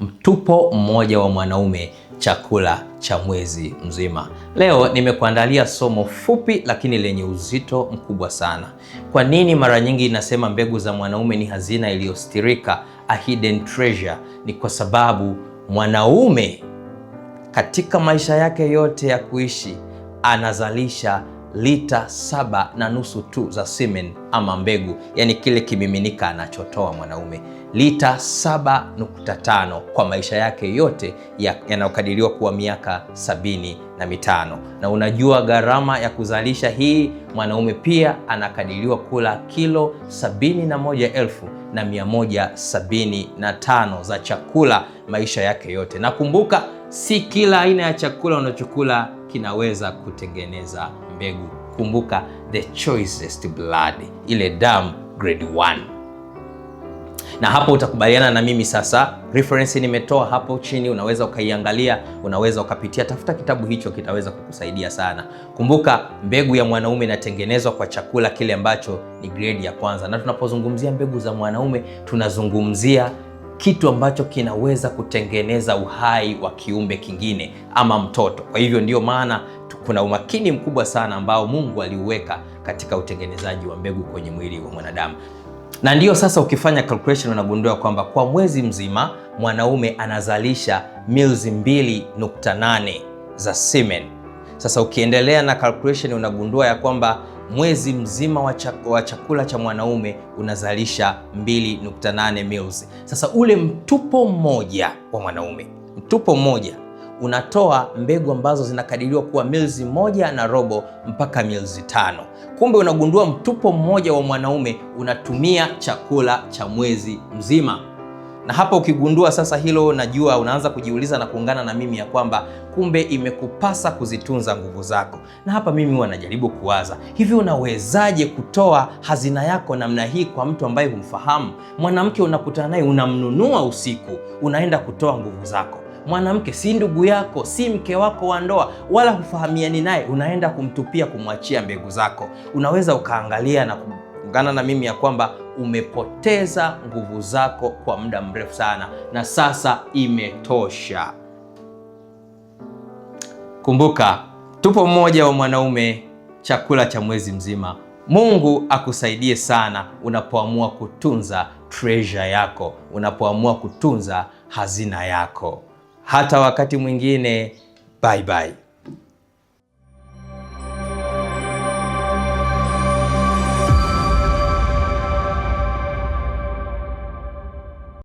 mtupo mmoja wa mwanaume chakula cha mwezi mzima. Leo nimekuandalia somo fupi lakini lenye uzito mkubwa sana. Kwa nini mara nyingi inasema mbegu za mwanaume ni hazina iliyostirika, a hidden treasure? Ni kwa sababu mwanaume katika maisha yake yote ya kuishi anazalisha lita saba na nusu tu za semen ama mbegu, yani kile kimiminika anachotoa mwanaume lita 7.5 kwa maisha yake yote yanayokadiriwa ya kuwa miaka sabini na mitano. Na unajua gharama ya kuzalisha hii, mwanaume pia anakadiriwa kula kilo 71,175 za chakula maisha yake yote. Nakumbuka si kila aina ya chakula unachokula kinaweza kutengeneza mbegu. Kumbuka the choicest blood, ile damu grade 1. Na hapo utakubaliana na mimi sasa. Reference nimetoa hapo chini, unaweza ukaiangalia, unaweza ukapitia, tafuta kitabu hicho, kitaweza kukusaidia sana. Kumbuka mbegu ya mwanaume inatengenezwa kwa chakula kile ambacho ni grade ya kwanza, na tunapozungumzia mbegu za mwanaume tunazungumzia kitu ambacho kinaweza kutengeneza uhai wa kiumbe kingine ama mtoto. Kwa hivyo ndiyo maana kuna umakini mkubwa sana ambao Mungu aliuweka katika utengenezaji wa mbegu kwenye mwili wa mwanadamu, na ndiyo sasa ukifanya calculation unagundua kwamba kwa mwezi mzima mwanaume anazalisha mils 2.8 za semen. Sasa ukiendelea na calculation unagundua ya kwamba mwezi mzima wa chakula, chakula cha mwanaume unazalisha 2.8 mils. Sasa ule mtupo mmoja wa mwanaume, mtupo mmoja unatoa mbegu ambazo zinakadiriwa kuwa milzi moja na robo mpaka milzi tano. Kumbe unagundua mtupo mmoja wa mwanaume unatumia chakula cha mwezi mzima. Na hapa ukigundua sasa hilo, najua unaanza kujiuliza na kuungana na mimi ya kwamba kumbe imekupasa kuzitunza nguvu zako. Na hapa mimi huwa najaribu kuwaza hivi, unawezaje kutoa hazina yako namna hii kwa mtu ambaye humfahamu? Mwanamke unakutana naye, unamnunua usiku, unaenda kutoa nguvu zako mwanamke si ndugu yako, si mke wako wa ndoa, wala hufahamiani naye, unaenda kumtupia, kumwachia mbegu zako. Unaweza ukaangalia na utaungana na mimi ya kwamba umepoteza nguvu zako kwa muda mrefu sana, na sasa imetosha. Kumbuka, tupo mmoja wa mwanaume chakula cha mwezi mzima. Mungu akusaidie sana unapoamua kutunza treasure yako, unapoamua kutunza hazina yako. Hata wakati mwingine, bye bye.